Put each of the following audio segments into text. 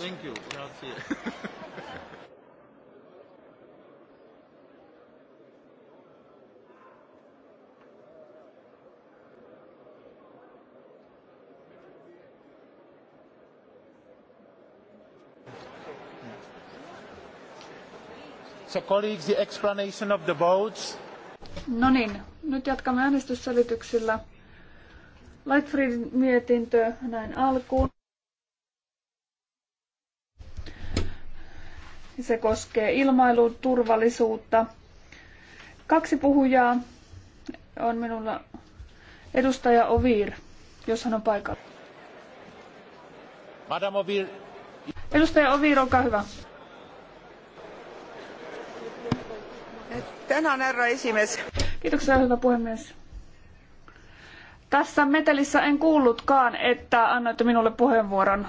Thank you. Grazie. So colleagues, the explanation of the votes. No niin, nyt jatkamme äänestysselityksillä. Lightfried mietintö näin alkuun. Se koskee ilmailun turvallisuutta. Kaksi puhujaa on minulla edustaja Ovir, jos hän on paikalla. Madame Ovir. Edustaja Ovir, olkaa hyvä. Tänään herra esimies. Kiitoksia, hyvä puhemies. Tässä metelissä en kuullutkaan, että annoitte minulle puheenvuoron.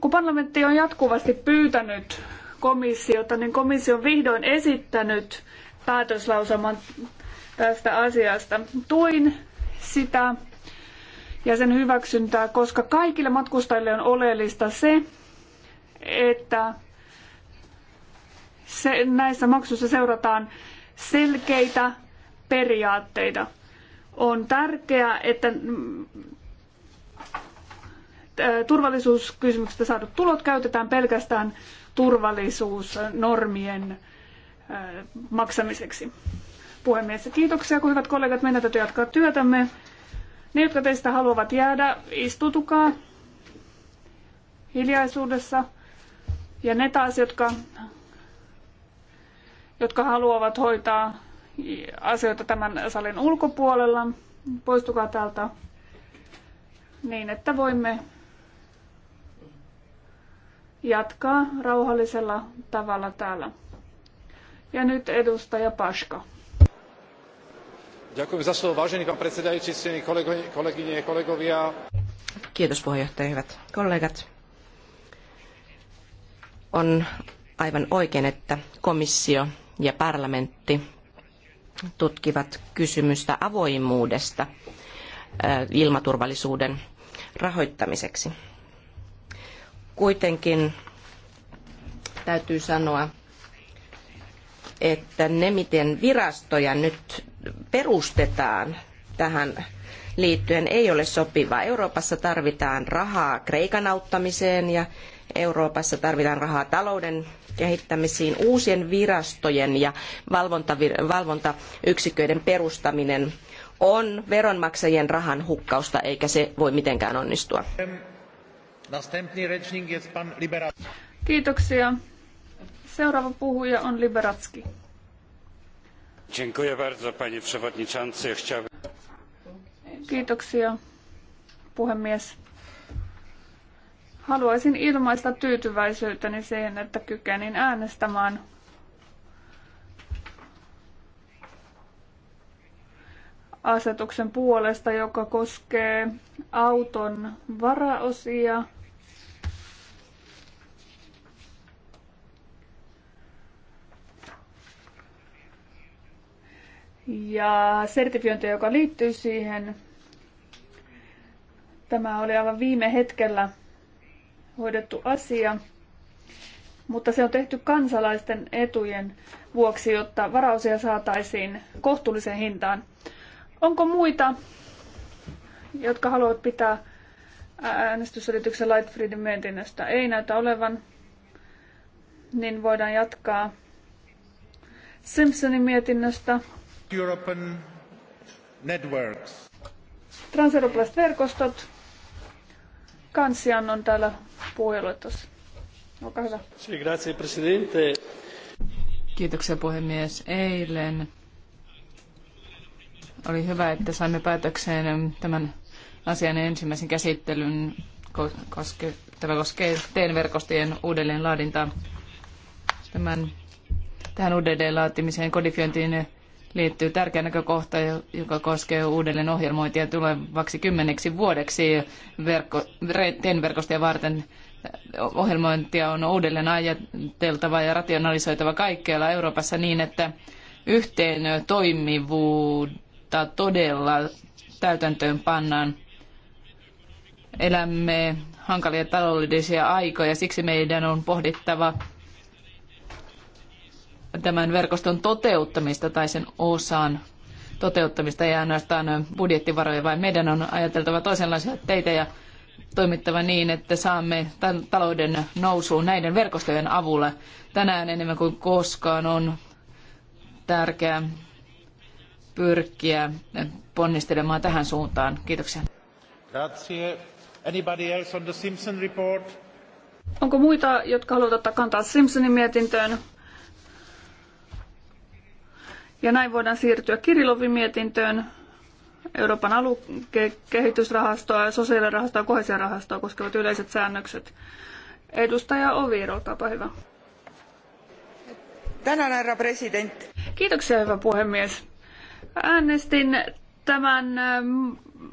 Kun parlamentti on jatkuvasti pyytänyt komissiota, niin komissio on vihdoin esittänyt päätöslausaman tästä asiasta. Tuin sitä ja sen hyväksyntää, koska kaikille matkustajille on oleellista se, että se, näissä maksuissa seurataan selkeitä periaatteita. On tärkeää, että Äh, turvallisuuskysymyksistä saadut tulot käytetään pelkästään turvallisuusnormien äh, maksamiseksi. Puhemies, kiitoksia, kun hyvät kollegat, meidän täytyy jatkaa työtämme. Ne, jotka teistä haluavat jäädä, istutukaa hiljaisuudessa. Ja ne taas, jotka, jotka haluavat hoitaa asioita tämän salin ulkopuolella, poistukaa täältä niin, että voimme jatkaa rauhallisella tavalla täällä. Ja nyt edustaja Paška. Ďakujem za slovo, vážený pán predsedajúci, ctení kolegyne, kolegovia. Kiitos puheenjohtaja, hyvät kollegat. On aivan oikein, että komissio ja parlamentti tutkivat kysymystä avoimuudesta ilmaturvallisuuden rahoittamiseksi. Kuitenkin täytyy sanoa, että ne miten virastoja nyt perustetaan tähän liittyen ei ole sopivaa. Euroopassa tarvitaan rahaa Kreikan auttamiseen ja Euroopassa tarvitaan rahaa talouden kehittämisiin. Uusien virastojen ja valvontayksiköiden perustaminen on veronmaksajien rahan hukkausta, eikä se voi mitenkään onnistua. Kiitoksia. Seuraava puhuja on Liberatski. Dziękuję bardzo, panie przewodniczący. Chciałbym... Kiitoksia, puhemies. Haluaisin ilmaista tyytyväisyyteni siihen, että kykenin äänestämään asetuksen puolesta, joka koskee auton varaosia – ja sertifiointi, joka liittyy siihen. Tämä oli aivan viime hetkellä hoidettu asia, mutta se on tehty kansalaisten etujen vuoksi, jotta varausia saataisiin kohtuulliseen hintaan. Onko muita, jotka haluavat pitää äänestysselityksen Freedom mietinnöstä? Ei näytä olevan, niin voidaan jatkaa Simpsonin mietinnöstä. European Networks. Transeurooppalaiset verkostot. Kansian on täällä puheenluettossa. Olkaa hyvä. Grazie, presidente. Kiitoksia puhemies. Eilen oli hyvä, että saimme päätökseen tämän asian ensimmäisen käsittelyn. Koske, tämä koskee teen verkostojen uudelleenlaadintaa. Tämän, tähän uudelleen laatimiseen kodifiointiin liittyy tärkeä näkökohta, joka koskee uudelleen ohjelmointia tulevaksi kymmeneksi vuodeksi verkko, TEN-verkostoja varten. Eh, ohjelmointia on uudelleen ajateltava ja rationalisoitava kaikkialla Euroopassa niin, että yhteen toimivuutta todella täytäntöön pannaan. Elämme hankalia taloudellisia aikoja, siksi meidän on pohdittava tämän verkoston toteuttamista tai sen osan toteuttamista, ei ainoastaan budjettivaroja, vaan meidän on ajateltava toisenlaisia teitä ja toimittava niin, että saamme talouden nousuun näiden verkostojen avulla. Tänään enemmän kuin koskaan on tärkeää pyrkiä ponnistelemaan tähän suuntaan. Kiitoksia. Grazie. Anybody else on the Simpson report? Onko muita, jotka haluavat ottaa kantaa Simpsonin mietintöön? Ja näin voidaan siirtyä Kirilovin mietintöön Euroopan aluekehitysrahastoa ja sosiaalirahastoa ja kohesiorahastoa koskevat yleiset säännökset. Edustaja Oviiro, olkaapa hyvä. Tänään, herra Kiitoksia, hyvä puhemies. Äänestin tämän ähm,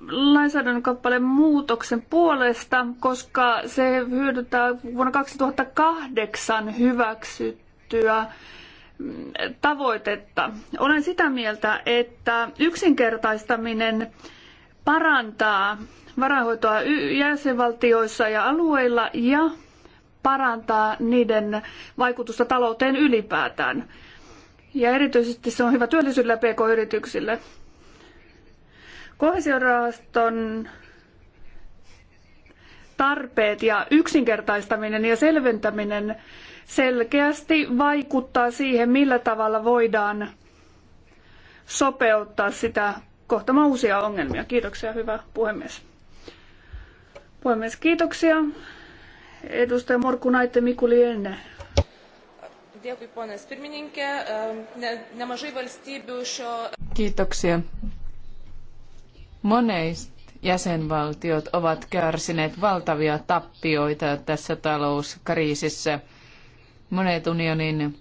lainsäädännön kappaleen muutoksen puolesta, koska se hyödyttää vuonna 2008 hyväksyttyä tavoitetta. Olen sitä mieltä, että yksinkertaistaminen parantaa varainhoitoa jäsenvaltioissa ja alueilla ja parantaa niiden vaikutusta talouteen ylipäätään. Ja erityisesti se on hyvä työllisyydelle ja pk-yrityksille. Kohesiorahaston tarpeet ja yksinkertaistaminen ja selventäminen selkeästi vaikuttaa siihen, millä tavalla voidaan sopeuttaa sitä kohtaamaan uusia ongelmia. Kiitoksia, hyvä puhemies. Puhemies, kiitoksia. Edustaja Morku Naitte Mikuli ennen. Kiitoksia. Monet jäsenvaltiot ovat kärsineet valtavia tappioita tässä talouskriisissä – Monet unionin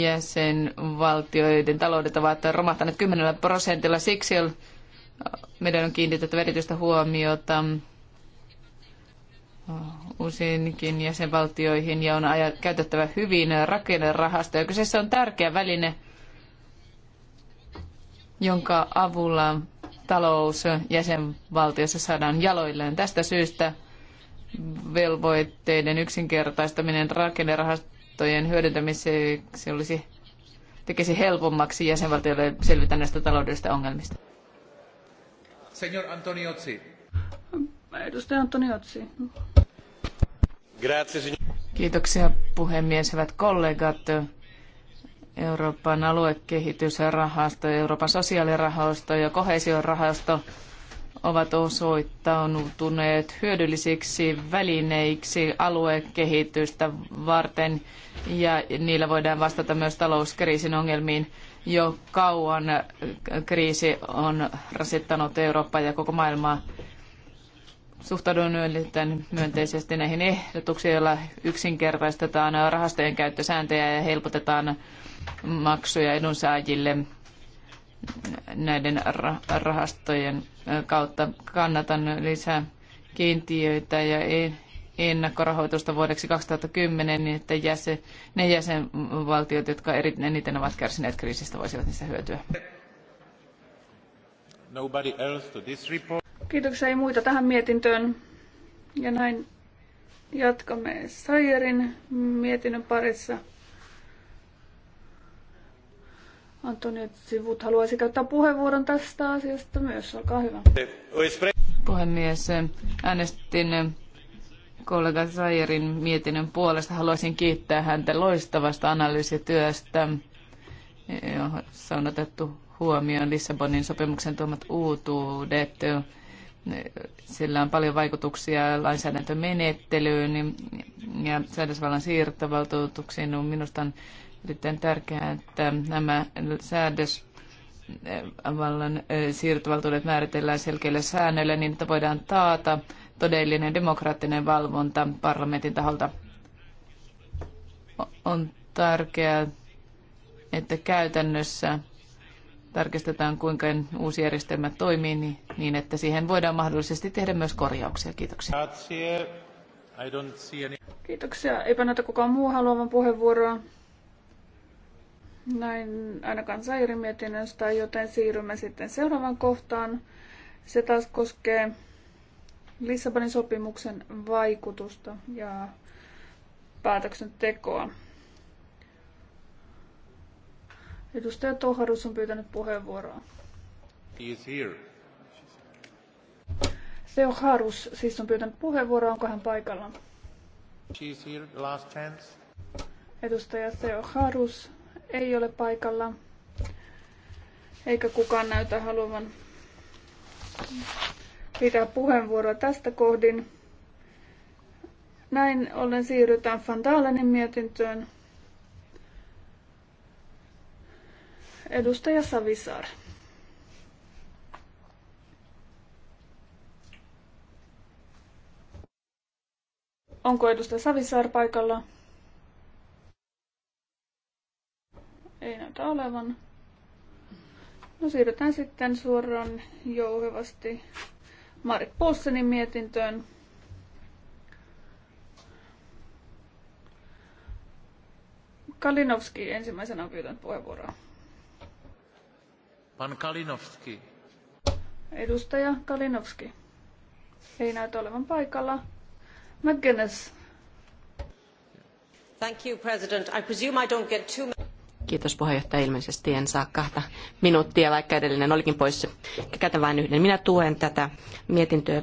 jäsenvaltioiden taloudet ovat romahtaneet 10 prosentilla. Siksi meidän on kiinnitettävä erityistä huomiota useinkin jäsenvaltioihin ja on käytettävä hyvin rakennerahastoja. Kyseessä on tärkeä väline, jonka avulla talous jäsenvaltiossa saadaan jaloilleen. Tästä syystä velvoitteiden yksinkertaistaminen rakennerahastojen hyödyntämiseksi olisi tekisi helpommaksi jäsenvaltioille selvitä näistä taloudellisista ongelmista. Señor Antoniozzi. Edustaja Antoniozzi. Grazie, signor. Kiitoksia puhemies, hyvät kollegat. Euroopan aluekehitysrahasto, Euroopan sosiaalirahasto ja kohesiorahasto ovat osoittautuneet hyödyllisiksi välineiksi aluekehitystä varten ja niillä voidaan vastata myös talouskriisin ongelmiin. Jo kauan kriisi on rasittanut Eurooppaa ja koko maailmaa. Suhtaudun erittäin myönteisesti näihin ehdotuksiin, joilla yksinkertaistetaan rahastojen käyttösääntöjä ja helpotetaan maksuja edunsaajille näiden rahastojen kautta. Kannatan lisää kiintiöitä ja e-, ennakkorahoitusta vuodeksi 2010, niin että jäsen, ne jäsenvaltiot, jotka eri, eniten ovat kärsineet kriisistä, voisivat niistä hyötyä. else to this Kiitoksia ei muita tähän mietintöön. Ja näin jatkamme Sayerin mietinnön parissa. Antonio Sivut haluaisi käyttää puheenvuoron tästä asiasta myös. Olkaa hyvä. Puhemies, äänestin kollega Sajerin mietinnön puolesta. Haluaisin kiittää häntä loistavasta analyysityöstä, jossa on otettu huomioon Lissabonin sopimuksen tuomat uutuudet. Sillä on paljon vaikutuksia lainsäädäntömenettelyyn ja säädösvallan siirtovaltuutuksiin. Minusta on erittäin tärkeää, että nämä säädös vallan siirtovaltuudet määritellään selkeillä säännöillä niin, että voidaan taata todellinen demokraattinen valvonta parlamentin taholta. On tärkeää, että käytännössä tarkistetaan, kuinka uusi järjestelmä toimii, niin, niin että siihen voidaan mahdollisesti tehdä myös korjauksia. Kiitoksia. Kiitoksia. Eipä näytä kukaan muu haluavan puheenvuoroa. Näin ainakaan sairimietinnöstä, joten siirrymme sitten seuraavaan kohtaan. Se taas koskee Lissabonin sopimuksen vaikutusta ja päätöksentekoa. Edustaja Toharus on pyytänyt puheenvuoroa. He is here. Theo Harus siis on pyytänyt puheenvuoroa, onko hän paikalla? She is here, last chance. Edustaja Seo Harus, ei ole paikalla, eikä kukaan näytä haluavan pitää puheenvuoroa tästä kohdin. Näin ollen siirrytään Fandalenin mietintöön. Edustaja Savisaar. Onko edustaja Savisaar paikalla? Ei näytä olevan. No siirrytään sitten suoraan jouhevasti Marit Poussenin mietintöön. Kalinowski ensimmäisenä on pyytänyt puheenvuoroa. Pan Kalinowski. Edustaja Kalinowski. Ei näytä olevan paikalla. McGuinness. Thank you, President. I presume I don't get too Kiitos puheenjohtaja. Ilmeisesti en saa kahta minuuttia, vaikka edellinen olikin pois. Käytän vain yhden. Minä tuen tätä mietintöä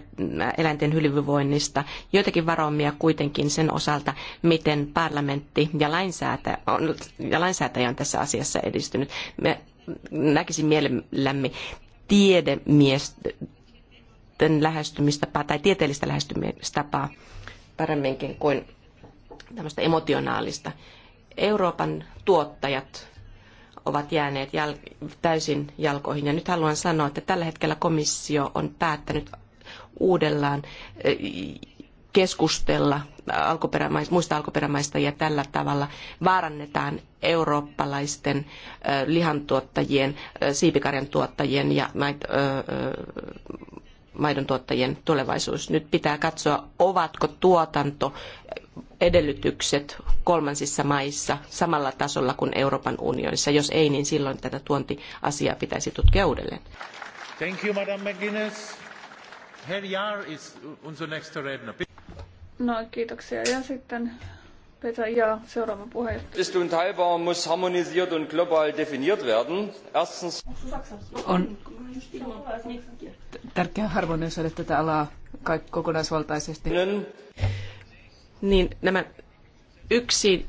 eläinten hyvinvoinnista. Joitakin varomia kuitenkin sen osalta, miten parlamentti ja lainsäätäjä on, ja lainsäätäjä on tässä asiassa edistynyt. Me näkisin mielellämme tiedemiesten lähestymistapaa tai tieteellistä lähestymistapaa paremminkin kuin tämmöistä emotionaalista Euroopan tuottajat ovat jääneet täysin jalkoihin. Ja nyt haluan sanoa, että tällä hetkellä komissio on päättänyt uudellaan keskustella alkuperämais, muista alkuperämaista ja tällä tavalla vaarannetaan eurooppalaisten lihantuottajien, siipikarjan tuottajien ja näitä maidontuottajien tuottajien tulevaisuus. Nyt pitää katsoa, ovatko tuotanto edellytykset kolmansissa maissa samalla tasolla kuin Euroopan unionissa. Jos ei, niin silloin tätä tuontiasiaa pitäisi tutkia uudelleen. Thank you, Madam McGuinness. Herr Jahr is unser nächster Redner. No, kiitoksia. Ja sitten Peter Jala, seuraava Ist muss harmonisiert und global definiert werden. Erstens on tärkeää harmonisoida tätä alaa kokonaisvaltaisesti. Niin nämä yksi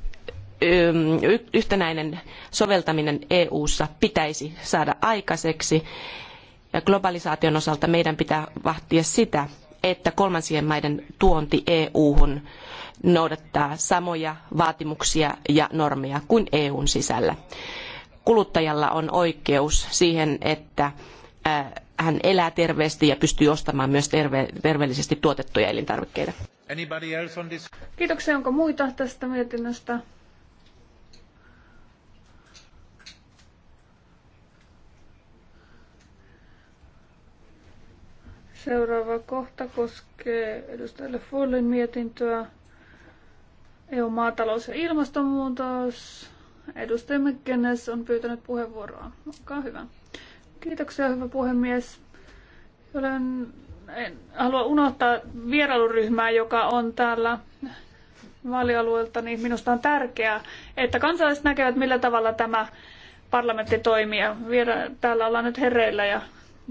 yhtenäinen soveltaminen EU:ssa pitäisi saada aikaiseksi. Ja globalisaation osalta meidän pitää vahtia sitä, että kolmansien maiden tuonti EU-hun noudattaa samoja vaatimuksia ja normeja kuin EUn sisällä. Kuluttajalla on oikeus siihen, että äh, hän elää terveesti ja pystyy ostamaan myös terve terveellisesti tuotettuja elintarvikkeita. Kiitoksia. Onko muita tästä mietinnöstä? Seuraava kohta koskee edustajalle Fullin mietintöä. EU-maatalous ja ilmastonmuutos. Edustaja McGuinness on pyytänyt puheenvuoroa. Olkaa hyvä. Kiitoksia, hyvä puhemies. Olen, en halua unohtaa vierailuryhmää, joka on täällä vaalialueelta, niin minusta on tärkeää, että kansalaiset näkevät, millä tavalla tämä parlamentti toimii. Ja vielä, täällä ollaan nyt hereillä ja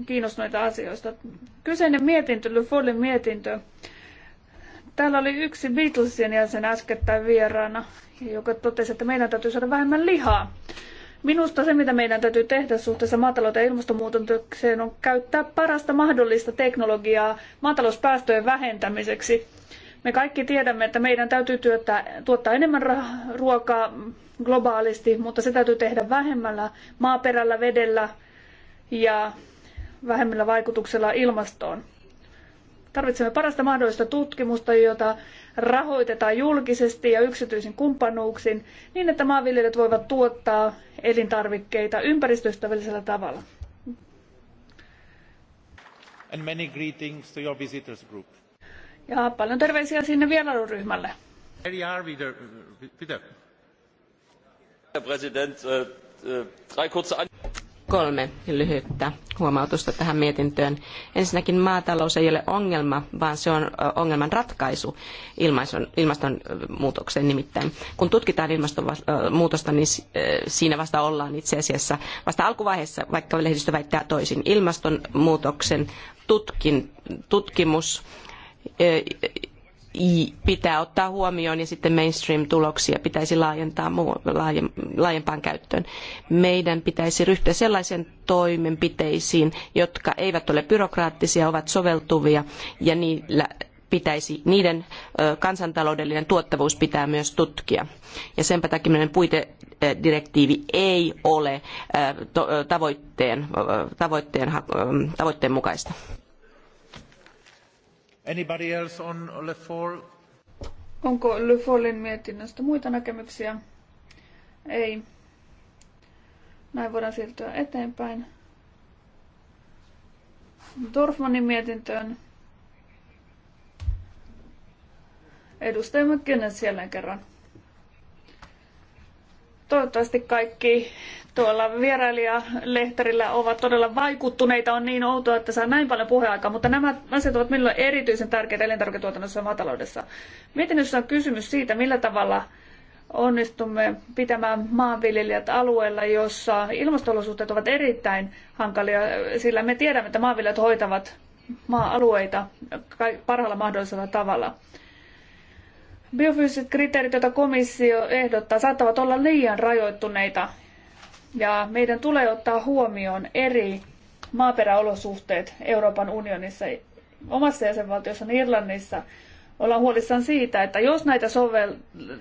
kiinnostuneita asioista. Kyseinen mietintö, Lufolin mietintö, Täällä oli yksi Beatlesien jäsen äskettäin vieraana, joka totesi, että meidän täytyy saada vähemmän lihaa. Minusta se, mitä meidän täytyy tehdä suhteessa maatalouteen ja ilmastonmuutokseen, on käyttää parasta mahdollista teknologiaa maatalouspäästöjen vähentämiseksi. Me kaikki tiedämme, että meidän täytyy työttää, tuottaa enemmän ruokaa globaalisti, mutta se täytyy tehdä vähemmällä maaperällä, vedellä ja vähemmällä vaikutuksella ilmastoon. Tarvitsemme parasta mahdollista tutkimusta, jota rahoitetaan julkisesti ja yksityisin kumppanuuksin niin, että maanviljelijät voivat tuottaa elintarvikkeita ympäristöystävällisellä tavalla. And many greetings to your visitors group. Ja paljon terveisiä sinne vierailuryhmälle. Herr Präsident, äh, äh, drei kurze kolme lyhyttä huomautusta tähän mietintöön. Ensinnäkin maatalous ei ole ongelma, vaan se on ongelman ratkaisu ilmastonmuutokseen nimittäin. Kun tutkitaan ilmastonmuutosta, niin siinä vasta ollaan itse asiassa vasta alkuvaiheessa, vaikka lehdistö väittää toisin. Ilmastonmuutoksen tutkin, tutkimus pitää ottaa huomioon ja sitten mainstream-tuloksia pitäisi laajentaa laajempaan käyttöön. Meidän pitäisi ryhtyä sellaisiin toimenpiteisiin, jotka eivät ole byrokraattisia, ovat soveltuvia ja niillä pitäisi, niiden kansantaloudellinen tuottavuus pitää myös tutkia. Ja senpä takia meidän puitedirektiivi ei ole tavoitteen, tavoitteen, tavoitteen mukaista. Anybody else on Onko Le Follin mietinnöstä muita näkemyksiä? Ei. Näin voidaan siirtyä eteenpäin. Dorfmanin mietintöön. Edustaja McKinnon siellä kerran. Toivottavasti kaikki tuolla vierailijalehterillä ovat todella vaikuttuneita. On niin outoa, että saa näin paljon puheaikaa, mutta nämä asiat ovat minulle erityisen tärkeitä elintarviketuotannossa ja maataloudessa. jos on kysymys siitä, millä tavalla onnistumme pitämään maanviljelijät alueella, jossa ilmastolosuhteet ovat erittäin hankalia, sillä me tiedämme, että maanviljelijät hoitavat maa-alueita parhaalla mahdollisella tavalla. Biofyysiset kriteerit, joita komissio ehdottaa, saattavat olla liian rajoittuneita ja meidän tulee ottaa huomioon eri maaperäolosuhteet Euroopan unionissa. Omassa jäsenvaltiossani Irlannissa ollaan huolissaan siitä, että jos näitä sovel-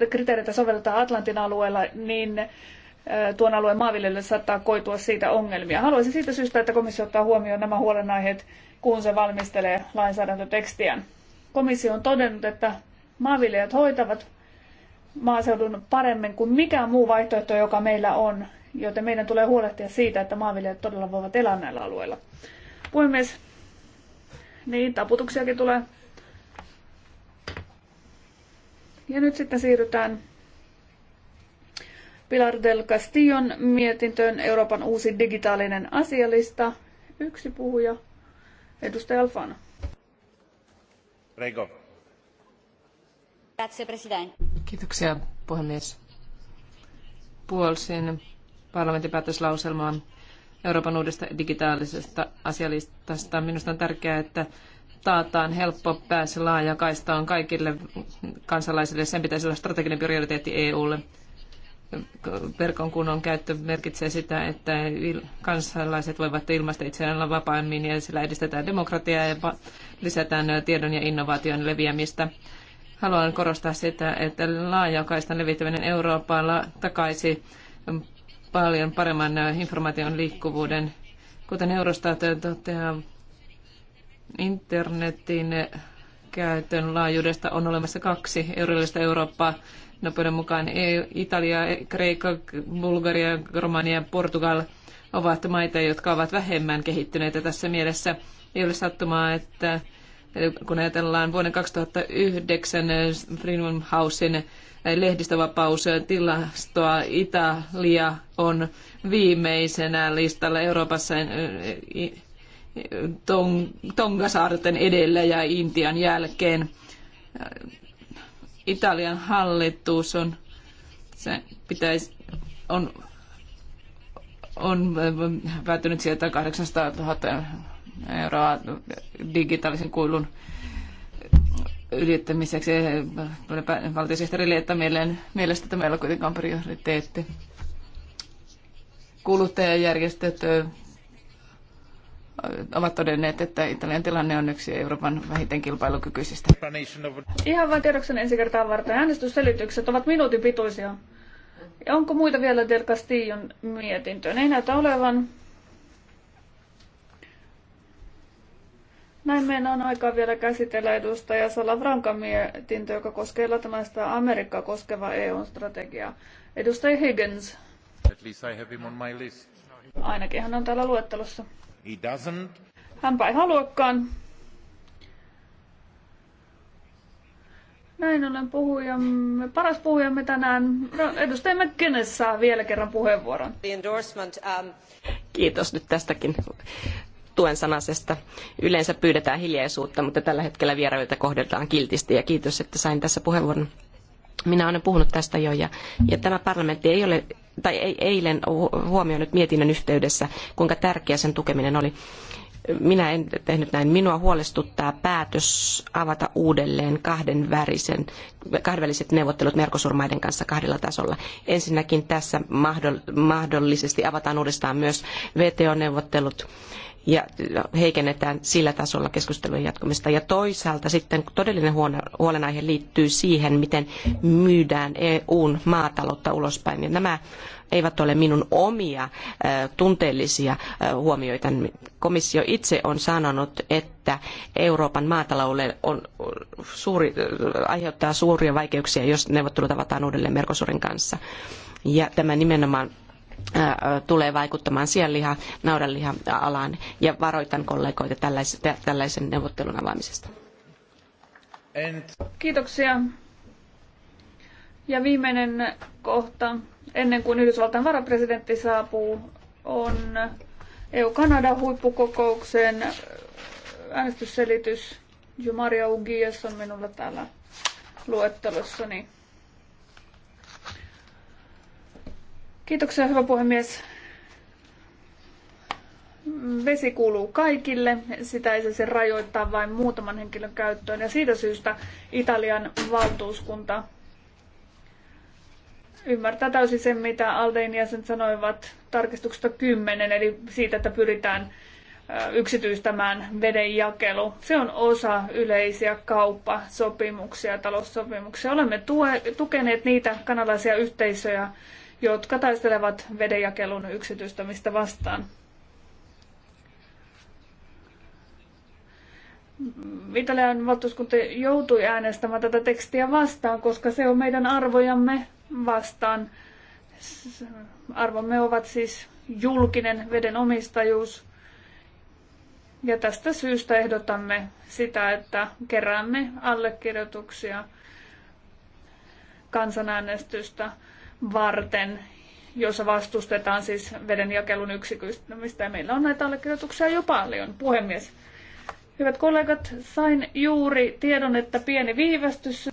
kriteereitä sovelletaan Atlantin alueella, niin tuon alueen maanviljelijöille saattaa koitua siitä ongelmia. Haluaisin siitä syystä, että komissio ottaa huomioon nämä huolenaiheet, kun se valmistelee lainsäädäntötekstiään. Komissio on todennut, että maanviljelijät hoitavat maaseudun paremmin kuin mikään muu vaihtoehto, joka meillä on. Joten meidän tulee huolehtia siitä, että maanviljelijät todella voivat elää näillä alueilla. Puhemies, niin taputuksiakin tulee. Ja nyt sitten siirrytään Pilar del Castillon mietintöön Euroopan uusi digitaalinen asialista. Yksi puhuja, edustaja Alfano. Rego. Kiitoksia puhemies. Puolsin parlamentin päätöslauselmaa Euroopan uudesta digitaalisesta asialistasta. Minusta on tärkeää, että taataan helppo pääsy laajakaistaan kaikille kansalaisille. Sen pitäisi olla strateginen prioriteetti EUlle. Verkon kunnon käyttö merkitsee sitä, että kansalaiset voivat ilmaista itseään vapaammin ja sillä edistetään demokratiaa ja lisätään tiedon ja innovaation leviämistä. Haluan korostaa sitä, että laajakaistan levittäminen Euroopalla takaisi paljon paremman informaation liikkuvuuden. Kuten Eurostat toteaa, internetin käytön laajuudesta on olemassa kaksi eurollista Eurooppaa nopeuden mukaan. E- Italia, Kreikka, Bulgaria, Romania ja Portugal ovat maita, jotka ovat vähemmän kehittyneitä tässä mielessä. Ei ole sattumaa, että kun ajatellaan vuonna 2009 Freedom Housein lehdistövapaustilastoa, Italia on viimeisenä listalla Euroopassa eh, Tongasaarten edellä ja Intian jälkeen. Italian hallitus on, se pitäisi, on, on eh, päätynyt sieltä 800 000 euroa digitaalisen kuilun ylittämiseksi. Valtiosihteerille, että mielestä tämä ei ole kuitenkaan prioriteetti. Kuluttajajärjestöt ovat todenneet, että Italian tilanne on yksi Euroopan vähiten kilpailukykyisistä. Ihan vain tiedoksen ensi kertaa varten. Äänestysselitykset ovat minuutin pituisia. Onko muita vielä Del Castillon mietintöön? Ei näytä olevan. Näin meidän on aikaa vielä käsitellä edustaja Salavrankan mietintö, joka koskee latinalaista Amerikkaa koskeva EU-strategiaa. Edustaja Higgins. At least I have him on my list. Ainakin hän on täällä luettelossa. He doesn't. Hänpä ei haluakaan. Näin ollen puhujamme, paras puhujamme tänään, no, edustaja McGuinness saa vielä kerran puheenvuoron. Um, Kiitos nyt tästäkin tuen sanasesta. Yleensä pyydetään hiljaisuutta, mutta tällä hetkellä vierailijoita kohdellaan kiltisti ja kiitos, että sain tässä puheenvuoron. Minä olen puhunut tästä jo ja, ja tämä parlamentti ei ole tai ei, eilen huomioinut mietinnön yhteydessä, kuinka tärkeä sen tukeminen oli. Minä en tehnyt näin. Minua huolestuttaa päätös avata uudelleen kahden värisen, kahdenväliset neuvottelut merkosurmaiden kanssa kahdella tasolla. Ensinnäkin tässä mahdollisesti avataan uudestaan myös VTO-neuvottelut ja heikennetään sillä tasolla keskustelujen jatkumista. Ja toisaalta sitten todellinen huolenaihe liittyy siihen, miten myydään EUn maataloutta ulospäin. Ja nämä eivät ole minun omia tunteellisia huomioita. Komissio itse on sanonut, että Euroopan maataloudelle on suuri, aiheuttaa suuria vaikeuksia, jos neuvottelut avataan uudelleen Mercosurin kanssa. Ja tämä nimenomaan tulee vaikuttamaan sianliha, naudanliha-alaan ja varoitan kollegoita tällaisen, neuvottelun avaamisesta. Kiitoksia. Ja viimeinen kohta, ennen kuin Yhdysvaltain varapresidentti saapuu, on EU-Kanada huippukokouksen äänestysselitys. Maria Ugies on minulla täällä luettelossani. Kiitoksia, hyvä puhemies. Vesi kuuluu kaikille, sitä ei se rajoittaa vain muutaman henkilön käyttöön ja siitä syystä Italian valtuuskunta ymmärtää täysin sen, mitä Aldein jäsenet sanoivat tarkistuksesta 10, eli siitä, että pyritään yksityistämään vedenjakelu. Se on osa yleisiä kauppasopimuksia, taloussopimuksia. Olemme tue, tukeneet niitä kanalaisia yhteisöjä, jotka taistelevat vedenjakelun yksityistämistä vastaan. Italian valtuuskunta joutui äänestämään tätä tekstiä vastaan, koska se on meidän arvojamme vastaan. Arvomme ovat siis julkinen veden omistajuus. Ja tästä syystä ehdotamme sitä, että keräämme allekirjoituksia kansanäänestystä varten, jossa vastustetaan siis vedenjakelun yksityistämistä. Ja meillä on näitä allekirjoituksia jo paljon. Puhemies, Hyvät kollegat, sain juuri tiedon, että pieni viivästys